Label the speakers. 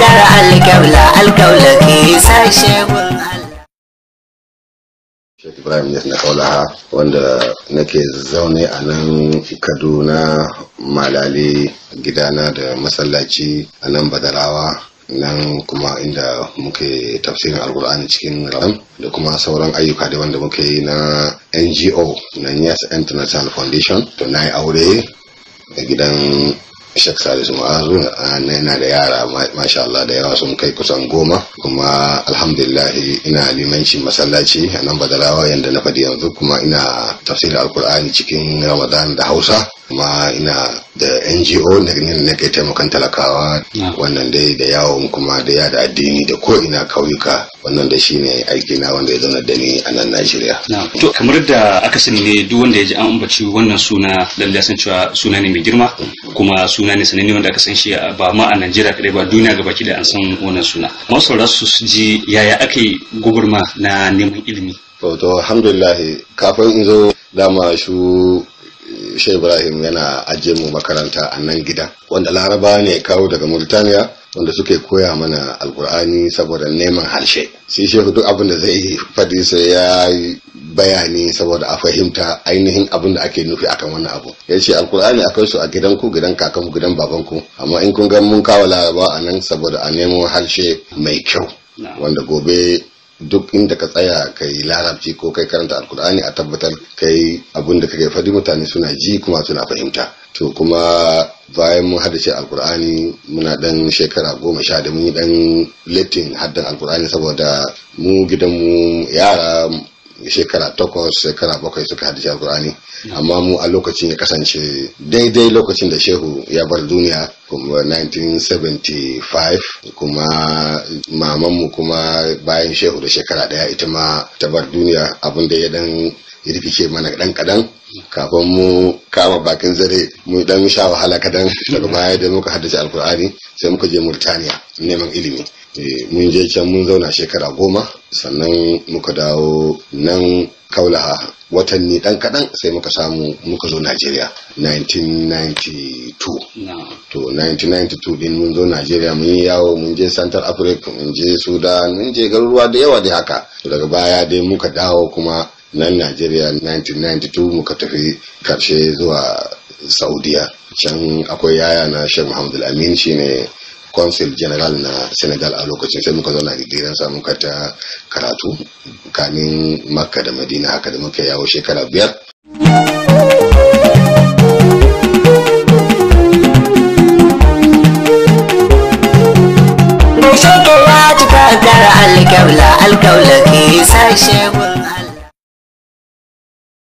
Speaker 1: gadar alkaula alkaula ke sashe Sheikh Ibrahim Yes na kaulaha wanda nake zaune a nan Kaduna Malale gidana da masallaci a nan Badarawa nan kuma inda muke tafsirin alkur'ani cikin ramadan da kuma sauran ayyuka da wanda muke yi na ngo na yes international foundation to na aure a gidan Shek Salisu Ma'azu yana ah, da yara masha Allah da yawa sun kai kusan goma kuma alhamdulillah ina limanci masallaci a nan badalawa yadda na faɗi yanzu kuma ina tafsirin alkur'ani cikin Ramadan da Hausa kuma ina da ngo na na ke taimakon talakawa ah. wannan dai da yawon kuma da yada addini da ko ina kauyuka wannan da shi ne na wanda ya zauna da ni a nan najeriya to kamar da aka sani ne duk wanda ya ji an ambaci wannan suna lallai san cewa suna ne mai girma kuma suna ne sananne wanda aka san shi ba ma a najeriya kadai ba duniya gaba ki da an san wannan suna masu rasu su ji yaya aka yi gugurma na neman ilimi to alhamdulillah kafin in zo dama shu Shehu Ibrahim yana ajiye mu makaranta a nan gida wanda Laraba ne kawo daga murtaniya wanda suke koya mana alkur'ani saboda neman harshe sai shehu duk abin da zai faɗi sai ya yi bayani saboda a fahimta ainihin abin da ake nufi akan wannan abu ya ce alkur'ani akwai su a gidan ku gidan kakanku gidan babanku amma in kun ga mun kawo laraba a nan saboda a nemo harshe mai kyau wanda gobe duk inda ka tsaya ka yi larabci ko kai karanta alkur'ani a tabbatar kai abin da kake faɗi mutane suna ji kuma suna fahimta to kuma bayan mun haddace alkur'ani muna dan shekara goma sha da mun yi dan latin haddan alkur'ani saboda mu gidanmu yara shekara takwas shekara bakwai suka haddace alkur'ani mm. amma mu a lokacin ya kasance daidai lokacin da shehu ya bar duniya kuma 1975 kuma mamanmu kuma bayan shehu da shekara daya ita ma ta bar duniya abinda ya dan rikice mana dan kadan kafin mu kama bakin zare mu dan sha wahala kadan mm. daga baya da muka haddace alkur'ani sai muka je murtaniya neman ilimi Eh, mun je can mun zauna shekara goma sannan muka dawo nan kaulaha watanni dan kaɗan sai muka samu muka zo Najeriya 1992. To 1992 din mun zo Najeriya mun yawo mun je Central Africa mun je Sudan mun je garuruwa da yawa dai haka. Daga baya dai muka dawo kuma nan Najeriya 1992 muka tafi karshe zuwa Saudiya. Can akwai yaya na Sheikh Muhammadu Amin shi ne consul general na senegal a lokacin sai muka zauna gidansa muka ta karatu kamin makka da madina haka da muka yawo shekara biyar